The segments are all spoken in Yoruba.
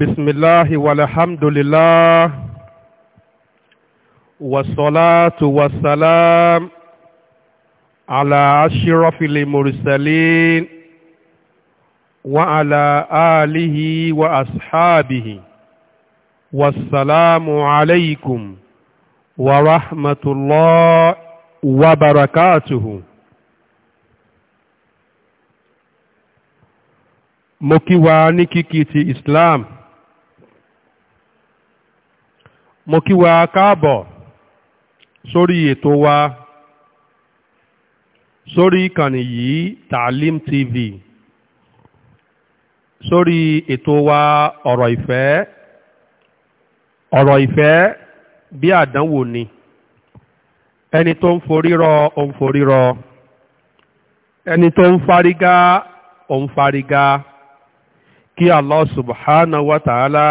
بسم الله والحمد لله والصلاة والسلام على أشرف المرسلين وعلى آله وأصحابه والسلام عليكم ورحمة الله وبركاته mo kí wa ní kíkí ti Islam mo kí wa káàbọ̀ sórí ètò wa sórí ìkànnì yìí Taalim TV sórí ètò wa ọ̀rọ̀ ìfẹ́ ọ̀rọ̀ ìfẹ́ bí àdánwò ni ẹni tó ń forírọ ó ń forírọ ẹni tó ń farigá ó farigá kí Allah subhanahu wa ta'ala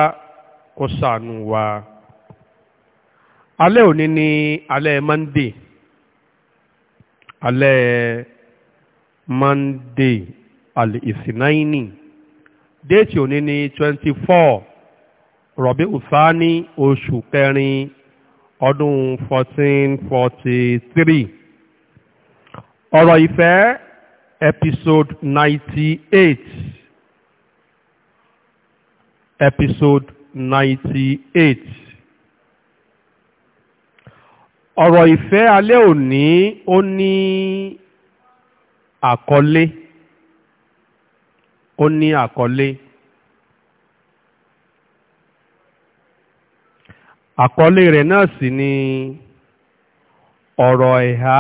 kó ṣàánú wa alẹ́ òní ni alẹ́ monday alẹ́ monday al-isnaini déètì òní ni twenty four rọ̀bí ùsáni oṣù kẹrin ọdún fourteen forty three ọ̀rọ̀ ìfẹ́ episode ninety eight episode ninety eight ọ̀rọ̀ ìfẹ́ alẹ́ òní ó ní àkọlé ó ní àkọlé àkọlé rẹ̀ náà sì ni ọ̀rọ̀ ẹ̀há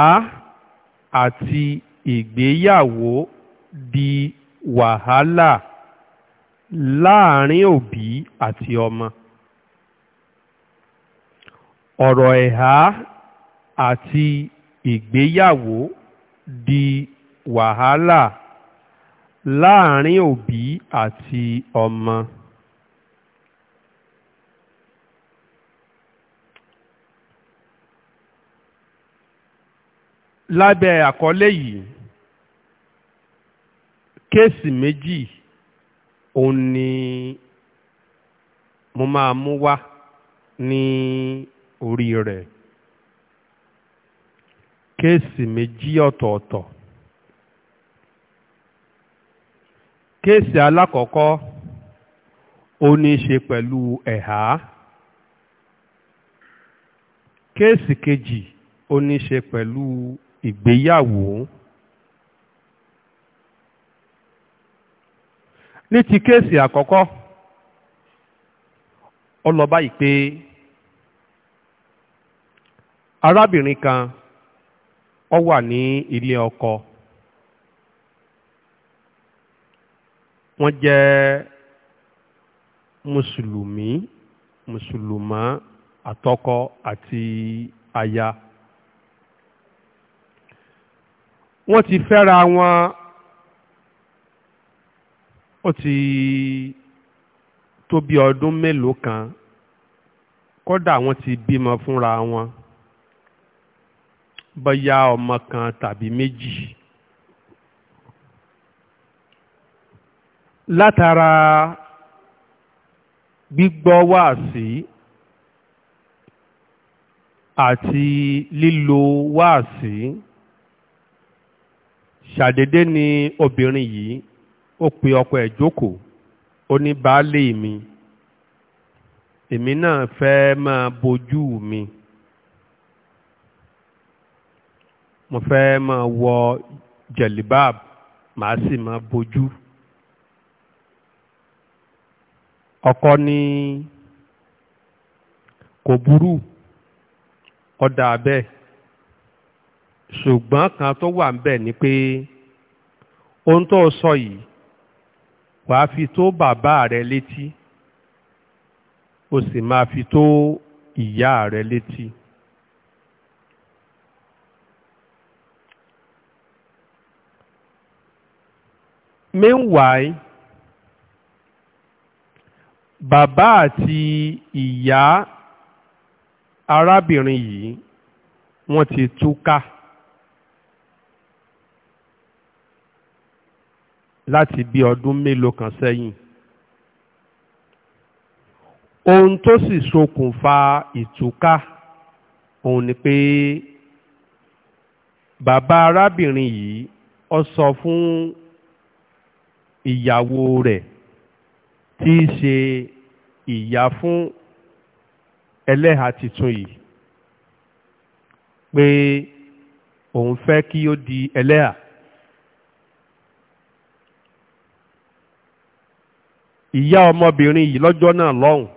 àti ìgbéyàwó di wàhálà láàárín òbí àti ọmọ ọ̀rọ̀ ẹ̀há àti ìgbéyàwó di wàhálà láàrin òbí àti ọmọ. lábẹ́ àkọlé yìí kéèsì méjì òun ni mo máa mú wá ní orí rẹ̀. kéèsì meji ọtọọtọ kéèsì alakọkọ onise pẹlu í ṣe keji onise pẹlu igbeyawo n'iti ní akọkọ ṣe pẹ̀lú ìgbéyàwó ti lọ báyìí kan ọ wà ní ilé ọkọ wọ́n jẹ́ mùsùlùmí mùsùlùmá àtọkọ àti aya wọ́n ti fẹ́ra wọn ó ti tó bí ọdún mélòó kan kódà wọ́n ti bímọ fúnra wọn bóyá ọmọ kan tàbí méjì látara gbígbọ́ wáàsí àti lílo wáàsí ṣàdédé ni obìnrin yìí ó pe ọkọ ẹ̀ jókòó ó ní baálé mi èmi náà fẹ́ máa bojú mi. mo fẹ́ máa wọ jẹ̀líbáàbù màá sì máa bojú. ọkọ ní kò burú ọ̀dà bẹ́ẹ̀ ṣùgbọ́n kan tó wà ń bẹ̀ ni pé ohun tó sọ yìí wàá fi tó bàbá rẹ létí o sì máa fi tó ìyá rẹ létí. meanwhile bàbá àti ìyá arábìnrin yìí wọ́n ti túká láti bí ọdún mélòó kan sẹ́yìn ohun tó sì ṣokùnfà ìtúká òun ni pé bàbá arábìnrin yìí ó sọ fún ìyàwó rẹ̀ tí í ṣe ìyá fún ẹlẹ́hà titun yìí pé òun fẹ́ kí ó di ẹlẹ́hà ìyá ọmọbìnrin yìí lọ́jọ́ náà lọ́hùn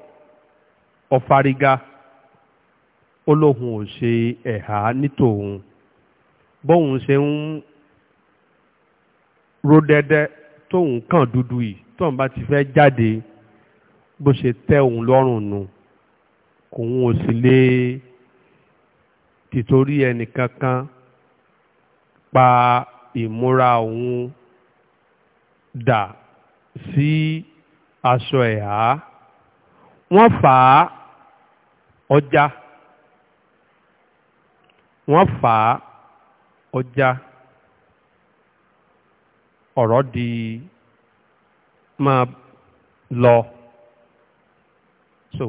ọ̀fàrígá ó ò ṣe ẹ̀há nítòun bóun ṣe ń ro dẹ́dẹ́ tóun kàn dúdú yìí tóun bá ti fẹ́ jáde bó ṣe tẹ́ òun lọ́rùn nu kòun ò sì lè tìtorí ẹnìkankan pa ìmúra òun dà sí aṣọ ẹ̀há wọ́n fà á ọjà wọ́n fà á ọjà ọ̀rọ̀ di máa lọ so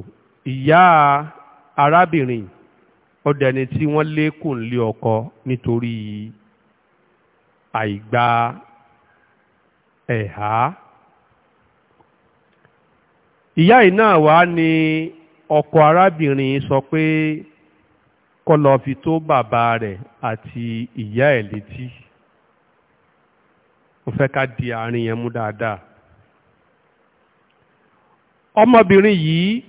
ìyá arábìnrin ó dẹni tí wọ́n lékùn lé ọkọ nítorí àìgba ẹ̀há ìyá yìí náà wá ni ọkọ arábìnrin sọ pé kó lọ fi tó bàbá rẹ̀ àti ìyá ẹ̀ létí. E mo fẹ́ ká di àárín yẹn mú dáadáa ọmọbìnrin yìí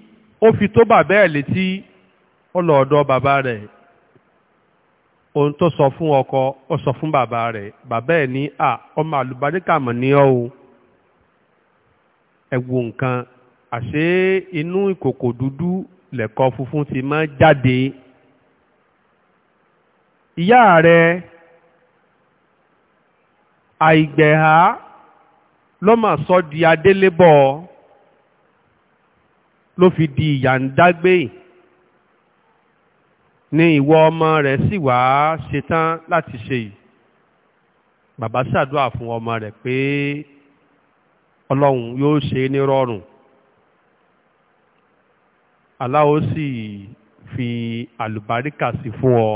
ó fi tó bàbá ẹ̀ létí ó lọ ọ̀dọ̀ bàbá rẹ̀ ohun tó sọ fún ọkọ ó sọ fún bàbá rẹ̀ bàbá ẹ̀ ní à ọmọ àlùbáríkà ní ọ́ o ẹ nǹkan àṣé inú ìkòkò dúdú lẹ̀kọ funfun ti máa jáde ìyá rẹ̀ àìgbẹ̀há lọ́mà sọ di adélébọ̀ ló fi di ìyà ni ìwọ ọmọ rẹ̀ sì wá ṣetán láti ṣe yìí bàbá ṣàdúrà fún ọmọ rẹ̀ pé ọlọ́run yóò ṣe ní rọrùn Allah sì fi àlùbáríkà sí fún ọ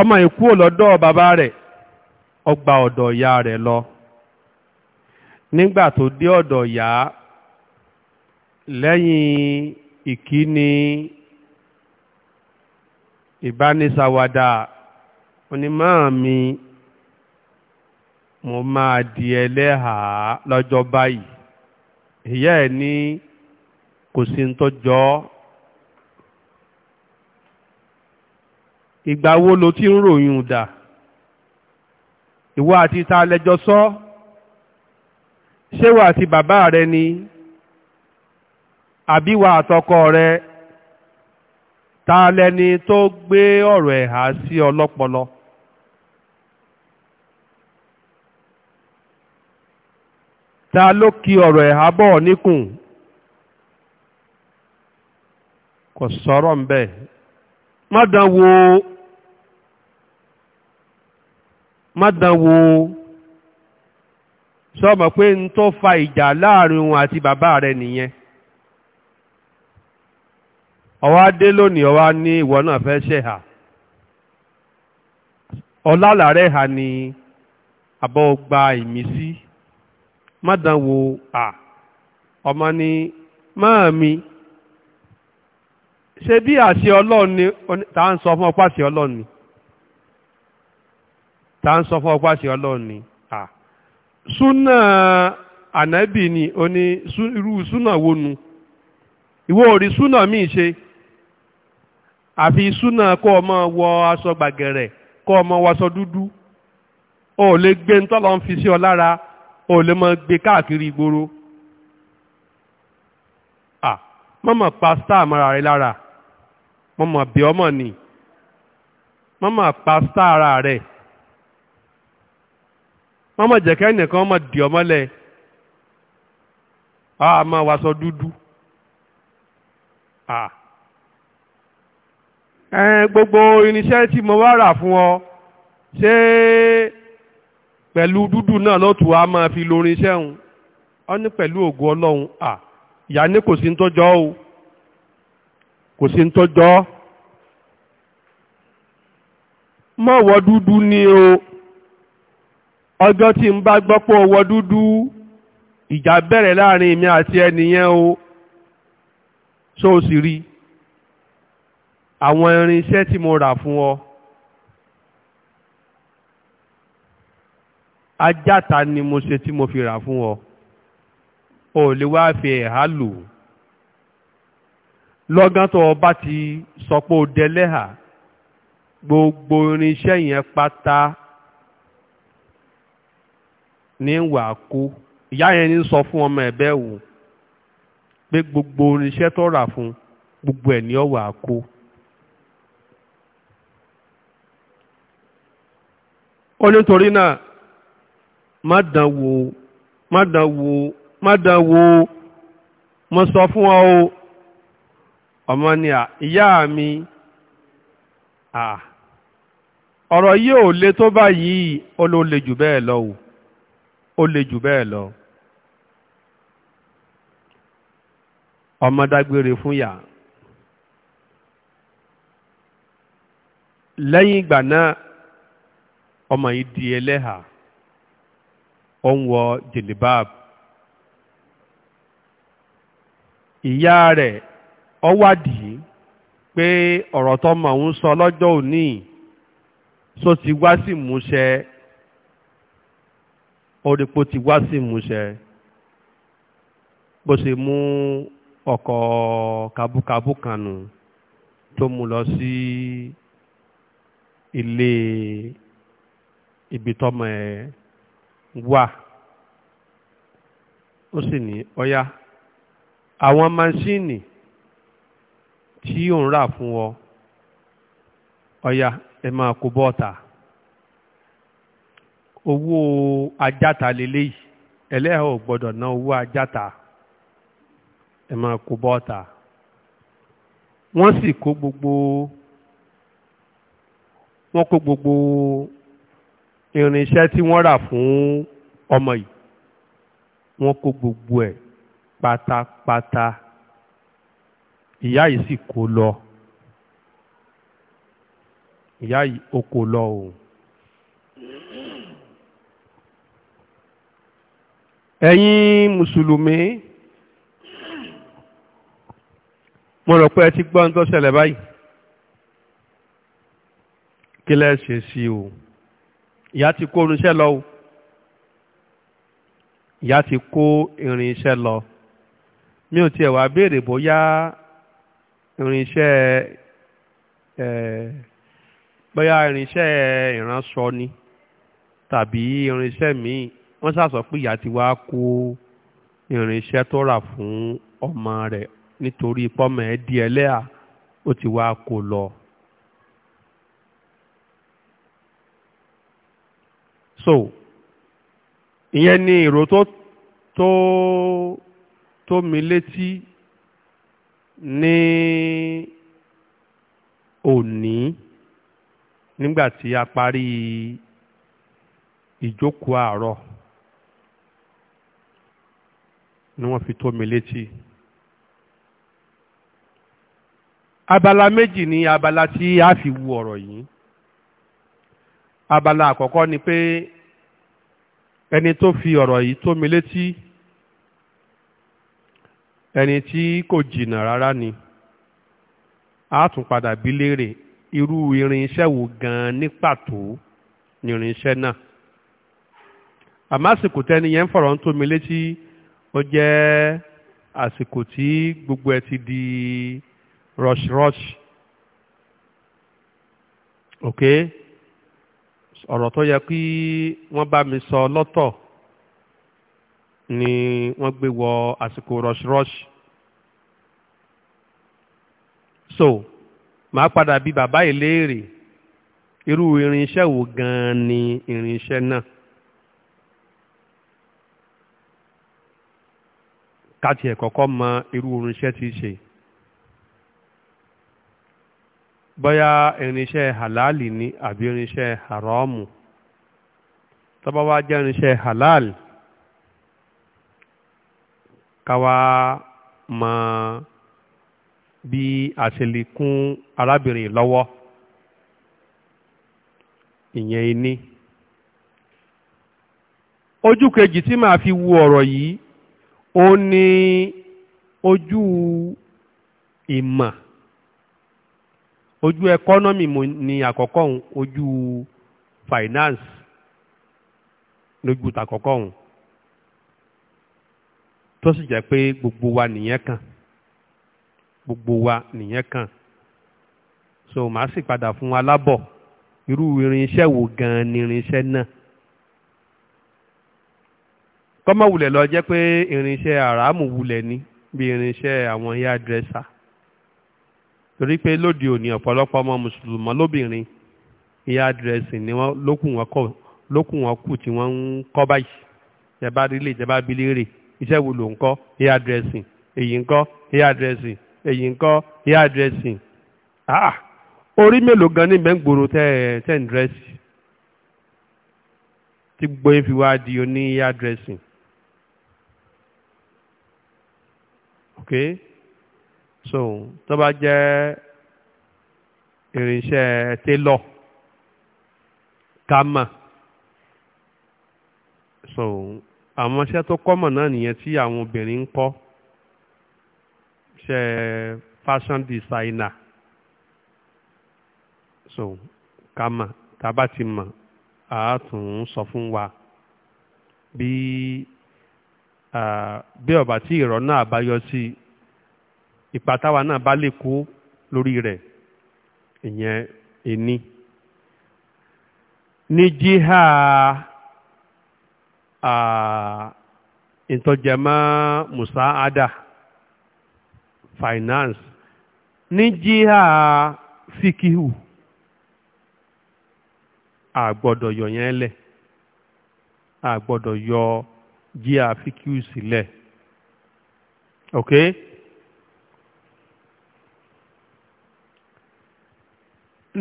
ọmọ ìkú lọ́dọ̀ bàbá rẹ̀ ó gba ọ̀dọ̀ ìyá rẹ̀ lọ nígbà tó dé ọ̀dọ̀ ìyá lẹ́yìn ìkíni ìbánisàwàdà onímọ̀ mi mo máa di ẹlẹ́hàá lọ́jọ́ báyìí ìyá ẹ̀ ní kò sí ń tọ́jọ́ ìgbà wo lo ti ń ròyìn dà ìwọ àti ta lẹjọ sọ ṣéwà àti bàbá rẹ ni àbíwà àtọkọ rẹ ta lẹni tó gbé ọ̀rọ̀ ẹ̀ sí ọlọ́pọlọ. ta ló kí ọ̀rọ̀ ẹ̀ há bọ̀ níkùn kò sọ́rọ̀ ń bẹ́ẹ̀ má wo Ma dán wò pé ń tó fa ìjà láàrin ohun àti bàbá rẹ̀ nìyẹn ọwá dé lónìí ọwá ní ìwọ náà fẹ́ ṣẹ̀hà ọlálàárẹ̀ hà ní àbọ̀ gba ìmísí Ma dán à ọmọ ni mi ṣe bí àṣẹ ọlọ́ọ̀ni ta ń sọ fún ọpá àṣẹ tá ń sọ fún ọpá ṣe ọlọ́run ni à súnà ànábì ni ó ní irú súnà wo nu ìwọ ò rí súnà míì ṣe àfi súnà kó o máa wọ aṣọ gbàgẹ̀rẹ̀ kó o máa wọ aṣọ dúdú o ò lè gbé ntọ́lọ́ ń fi sí ọ lára o lè máa gbé káàkiri ìgboro à mọ́mọ́ pa star mọ́ra rẹ lára mọ́mọ́ bí ọmọ ni mọ́mọ́ pa star ara rẹ̀ wọ́n mọ̀ jẹ̀kẹ́ nìkan mọ̀ dì ọmọlẹ̀ a máa wàṣọ dúdú gbogbo irinṣẹ́ tí mo wá rà fún ọ ṣé pẹ̀lú dúdú náà ló tù á máa fi lorin iṣẹ́ òun ọ ní pẹ̀lú ògo ọlọ́run ìyá ní kò sí ń tọ́jọ́ o kò sí ń tọ́jọ́ mọ̀wọ́ dúdú ni o ọjọ́ tí n bá gbọ́ pé ọwọ́ dúdú ìjà bẹ̀rẹ̀ láàrin mi àti ẹnìyẹn o ṣó o sì rí àwọn irinṣẹ́ tí mo rà fún ọ ajáta ni mo ṣe tí mo fi rà fún ọ o lè wá fi ẹ̀há lò lọ́gán tó o bá ti sọ pé o dẹlẹ́hà gbogbo irinṣẹ́ yẹn pátá ní wà kó ìyá yẹn ní sọ fún ọmọ ẹ̀bẹ́ wò pé gbogbo oníṣẹ́ tó rà fún gbogbo ẹ̀ ní ó kó. ó nítorí náà má dán wò má dán wò má dán wò mo sọ fún ọ o ọmọ ni à ìyá mi à ọ̀rọ̀ yìí ò le tó báyìí ó ló le jù bẹ́ẹ̀ lọ ó le jù bẹ́ẹ̀ lọ ọmọ dágbére fún yà lẹ́yìn ìgbà náà ọmọ yìí di ẹlẹ́hà ó ń wọ jìlìbáàbù ìyá rẹ̀ ó wádìí pé ọ̀rọ̀ tọmọ òun sọ lọ́jọ́ òní só ti wá sí ìmúṣẹ orí pó ti wá sí ìmúṣẹ bó ṣe mú ọkọ̀ kabúkabú kanu tó mú lọ sí ilé ibi tọ́mọ ẹ̀ wà ó sì ní ọyá àwọn maṣíìnì tí ò ń rà fún ọ ọyá ẹ máa kó bọ́ọ̀tà owó ajáta lélẹ́yìí ẹlẹ́hà ò gbọ́dọ̀ ná owó ajáta ẹ máa kó bọ́ọ̀ta wọ́n sì kó gbogbo wọ́n kó gbogbo irinṣẹ́ tí wọ́n rà fún ọmọ yìí wọ́n kó gbogbo ẹ̀ pátápátá ìyá yìí sì kó lọ ìyá yìí ó kó lọ òun. ẹ̀yin mùsùlùmí mo rò pé ẹ ti gbọ́ ohun tó ṣẹlẹ̀ báyìí kí lẹ́ ṣe sí o ìyá ti kó irinṣẹ́ lọ o ìyá ti kó irinṣẹ́ lọ mi ò tiẹ̀ wá béèrè bóyá irinṣẹ́ bóyá irinṣẹ́ ìránṣọ ni tàbí irinṣẹ́ míì wọ́n sàsọ pé ìyá ti wá kó irinṣẹ́ tó rà fún ọmọ rẹ̀ nítorí pọ́mọ ẹ̀ di ẹlẹ́à ó ti wá kó lọ. so ìyẹn ni ìró tó tó tó mi létí ní òní nígbà tí a parí ìjókòó àárọ̀ ni wọ́n fi tó mi létí abala méjì ni abala tí a fi wu ọ̀rọ̀ yìí abala àkọ́kọ́ ni pé ẹni tó fi ọ̀rọ̀ yìí tó mi létí ẹni tí kò jìnnà rárá ni a tún padà bí léèrè irú irinṣẹ́ wo gan-an ní pàtó ni irinṣẹ́ náà àmásìkò tẹ́ni yẹn ń fọ̀rọ̀ ń tó mi létí ó jẹ́ àsìkò tí gbogbo ẹ ti di rush rush ok ọ̀rọ̀ tó yẹ kí wọ́n bá mi sọ lọ́tọ̀ ni wọ́n gbé wọ àsìkò rush rush so màá padà bí bàbá yìí léèrè irú irinṣẹ́ wo gan-an ni irinṣẹ́ náà. káti ẹ̀ kọ́kọ́ mọ irú irinṣẹ́ tí í ṣe bóyá irinṣẹ́ halali ni àbí irinṣẹ́ haramu tó bá wá jẹ́ irinṣẹ́ halal káwa mọ bí a ṣe lè kún arábìnrin lọ́wọ́ ìyẹn ni ojú kejì tí màá fi wo ọ̀rọ̀ yìí ó ní ojú ìmọ̀ ojú ẹkọ́nọ́mì ni àkọ́kọ́ òun ojú finance lójú tàkọ́kọ́ òun tó sì jẹ́ pé gbogbo wa nìyẹn kàn gbogbo wa nìyẹn kàn so màá sì padà fún wa lábọ̀ irú irinṣẹ́ wo gan-an ni irinṣẹ́ náà kọ́mọ̀ wulẹ̀ lọ jẹ́ pé irinṣẹ́ àràmù wulẹ̀ ni bí irinṣẹ́ àwọn hairdresser torí pé lóde òní ọ̀pọ̀lọpọ̀ ọmọ mùsùlùmọ́ lóbìnrin hairdressing ni wọ́n lókùn wọn kọ̀ lókùn wọn kù tí wọ́n ń kọ́ báyìí jẹba rílé jẹba bílérè iṣẹ́ wo ló ń kọ́ hairdressing èyí ń kọ́ hairdressing èyí ń kọ́ hairdressing ah orí mélòó gan ní mẹ́ngbòrò tẹ́ tẹ́ ń dírẹ́sì tí gbogbo yín fi wá di oní hairdressing ok so tó bá jẹ́ irinṣẹ́ télọ̀ kámà so àwọn iṣẹ́ tó kọ́mọ̀ náà nìyẹn tí àwọn obìnrin ń kọ́ iṣẹ́ fashion designer so kámà tá a bá ti mọ̀ àá tún sọ fún wa bí. bí ọba tí ìrọ̀ náà bá yọ sí ipa táwa náà bá lè kó lórí rẹ̀ ìyẹn ẹni ní jíhà ìtọ́jẹmọ́ musaada finance ní jíhà fíkíhù àgbọ́dọ̀ yọ yẹn lẹ̀ àgbọ́dọ̀ yọ. jí àfikú sílẹ̀ ok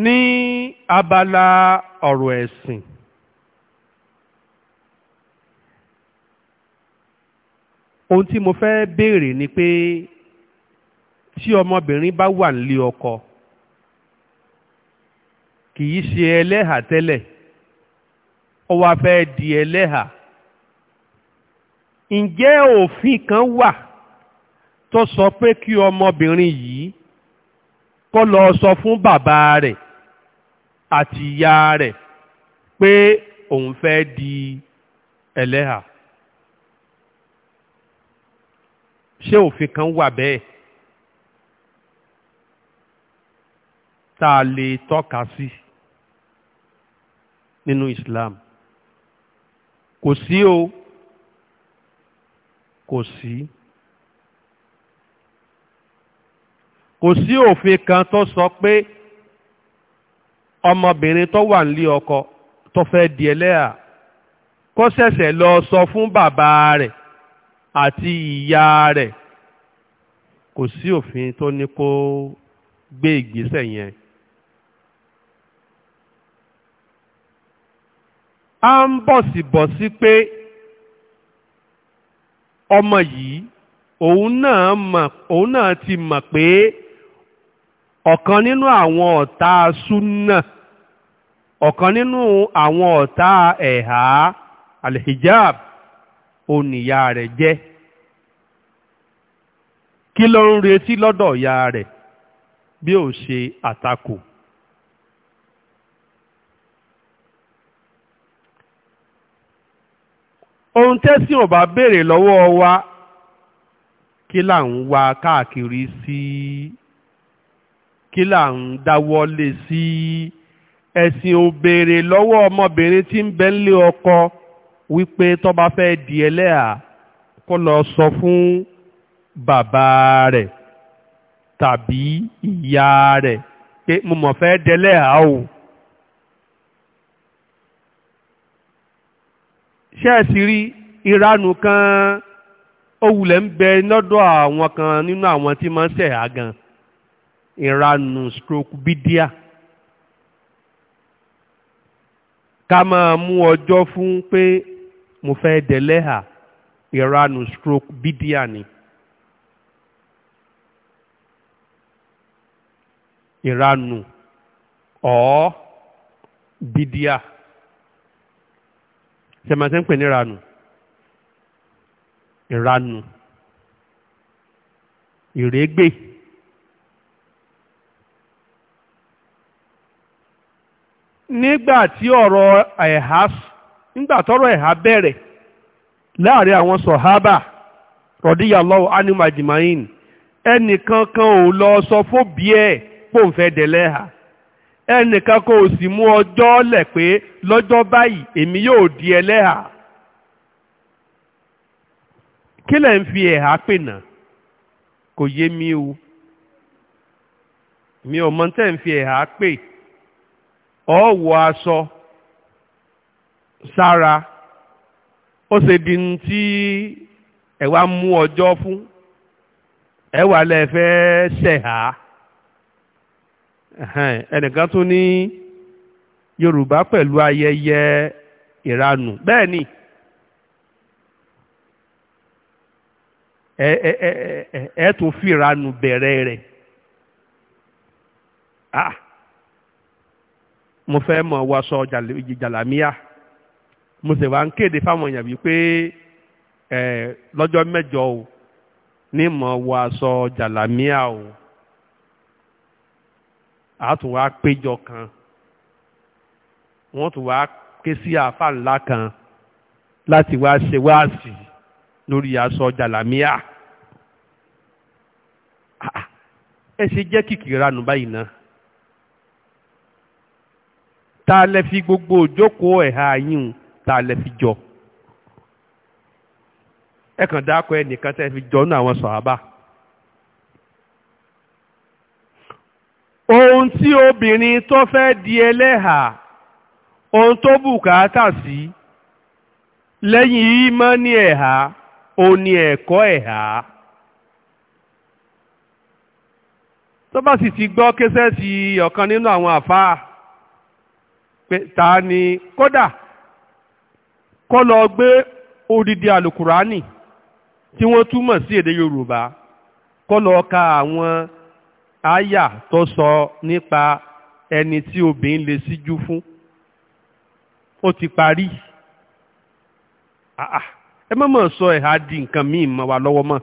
ní abala ọ̀rọ̀ ẹ̀sìn ohun tí mo fẹ́ béèrè ni pé tí ọmọbìnrin bá wà nílé ọkọ kì í ṣe ẹlẹ́hà tẹ́lẹ̀ ó wá fẹ́ di ẹlẹ́hà ǹjẹ́ òfin kan wà tó sọ pé kí ọmọbìnrin yìí kó lọ sọ fún bàbá rẹ̀ àti ìyá rẹ̀ pé òun fẹ́ di ẹlẹ́hà ṣé òfin kan wà bẹ́ẹ̀ tá a lè tọ́ka sí nínú Islam kò sí o kò sí kò sí òfin kan tó sọ pé ọmọbìnrin tó wà nílé ọkọ tó fẹ́ di ẹlẹ́yà kó ṣẹ̀ṣẹ̀ lọ sọ fún bàbá rẹ̀ àti ìyá rẹ̀ kò sí òfin tó ní kó gbé ìgbésẹ̀ yẹn. a ń bọ̀sibọ̀sí pé ọmọ yìí òun náà mọ̀ òun náà ti mọ̀ pé ọ̀kan nínú àwọn ọ̀tá súnà ọ̀kan nínú àwọn ọ̀tá ẹ̀há alhijab oníyà rẹ̀ jẹ́ kí ló ń retí lọ́dọ̀ ìyá rẹ̀ bí ó ṣe àtakò ohun tẹ́sìn ò bá béèrè lọ́wọ́ wa kí là ń wá káàkiri sí kí là ń dáwọ́lé sí ẹ̀sìn ò lọ́wọ́ ọmọbìnrin tí ń bẹ ọkọ wípé tó fẹ́ di ẹlẹ́à kó lọ sọ fún bàbá rẹ̀ tàbí ìyá rẹ̀ pé mo mọ̀ ṣé iranu rí ìranù kan o wule ń bẹ lọ́dọ̀ àwọn kan nínú àwọn tí máa ń ṣẹ̀ á gan ìranù stroke bídíà ká máa mú ọjọ́ fún pé mo fẹ́ dẹ̀lẹ́hà ìranù stroke bidia ni. ìranù sẹ̀mọ̀sẹ̀ ń pè ní ìranù ìranù ìrégbè nígbà tí ọ̀rọ̀ ẹ̀há nígbà tọ́rọ̀ ẹ̀há bẹ̀rẹ̀ láàrin àwọn lọ sọ ẹnìkan kò sì mú ọjọ́ lẹ̀ pé lọ́jọ́ báyìí èmi yóò di ẹlẹ́hà kí lẹ̀ ń fi ẹ̀hà pè náà kò yé mi o mi ò mọ tẹ́ ń fi ẹ̀hà pè ọ́ aṣọ sára ó ṣe di ní tí ẹ wá mú ọjọ́ fún ẹ wà lẹ́ẹ̀ fẹ́ ẹnìkan tún ní yorùbá pẹ̀lú ayẹyẹ ìranù bẹ́ẹ̀ ni ẹ tún fi ìranù bẹ̀rẹ̀ rẹ̀ ah mo fẹ́ mọ̀ wọṣọ jàlámíà mo sì wá ń kéde fáwọn èèyàn wípé lọ́jọ́ mẹ́jọ o ní mọ̀ wọ jàlámíà o. àtún wá péjọ kan wọ́n tún wá ké sí àáfà ńlá kan láti wá ṣe wáàsì lórí aṣọ jàlámíà ah, ẹ ṣe jẹ́ kìkìrà nù báyìí náà ta lẹ fi gbogbo òjókòó ẹ̀ha yín ta lẹ fi jọ ẹ kàn dákọ ẹnìkan tẹ fi jọ nínú àwọn sọ̀hábà. So ohun tí obìnrin tó fẹ́ di ẹlẹ́hà ohun tó bùkátà sí lẹ́yìn ìmọ̀ ní ẹ̀hà o ni ẹ̀kọ́ ẹ̀hà tó bá sì ti gbọ́ kéṣẹ́ sí ọ̀kan nínú àwọn àfáà ta ni kódà kọ́ lọ gbé odidi alukurani tí wọ́n túmọ̀ sí èdè Yorùbá kọ́ lọ ka àwọn àyà tó sọ nípa ẹni tí obìnrin lè síjú fún ó ti parí ẹ má sọ ẹ̀há di nǹkan míì mọ́ wa lọ́wọ́ mọ́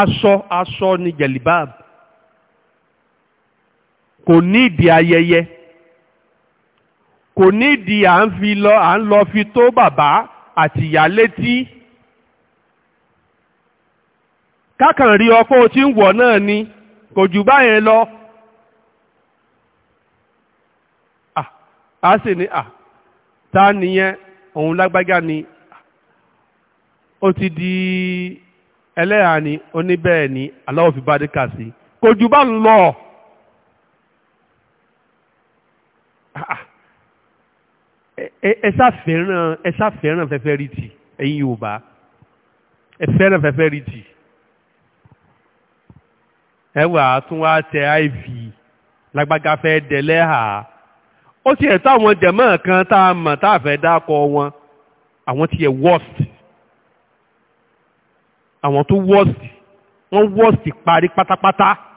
aṣọ aṣọ ni jẹ̀lìbáàb kò ní ìdí ayẹyẹ kò ní ìdí à ń fi lọ fi tó bàbá àtìyá létí kákan rí ọpọ́ tí ń wọ̀ náà ni kò jù báyẹn lọ a sì ní à ta nìyẹn òun lágbájá ni ó ti di ẹlẹ́yà ni oníbẹ̀ẹ́ ni aláwọ̀ fi bá dé kà sí kò jù bá lọ ẹ ṣàfẹ́ràn fẹ́fẹ́ rí ti ẹ̀yin Yorùbá ẹ fẹ́ràn fẹ́fẹ́ rí ti ẹwà tún wá tẹ iv lágbága fẹ́ dẹlẹ́hà ó ti ẹ̀ táwọn jẹ̀mọ́ kan tá a mọ̀ tá a fẹ́ dákọ wọn àwọn ti yẹ worst àwọn tó worst wọ́n worst parí pátápátá.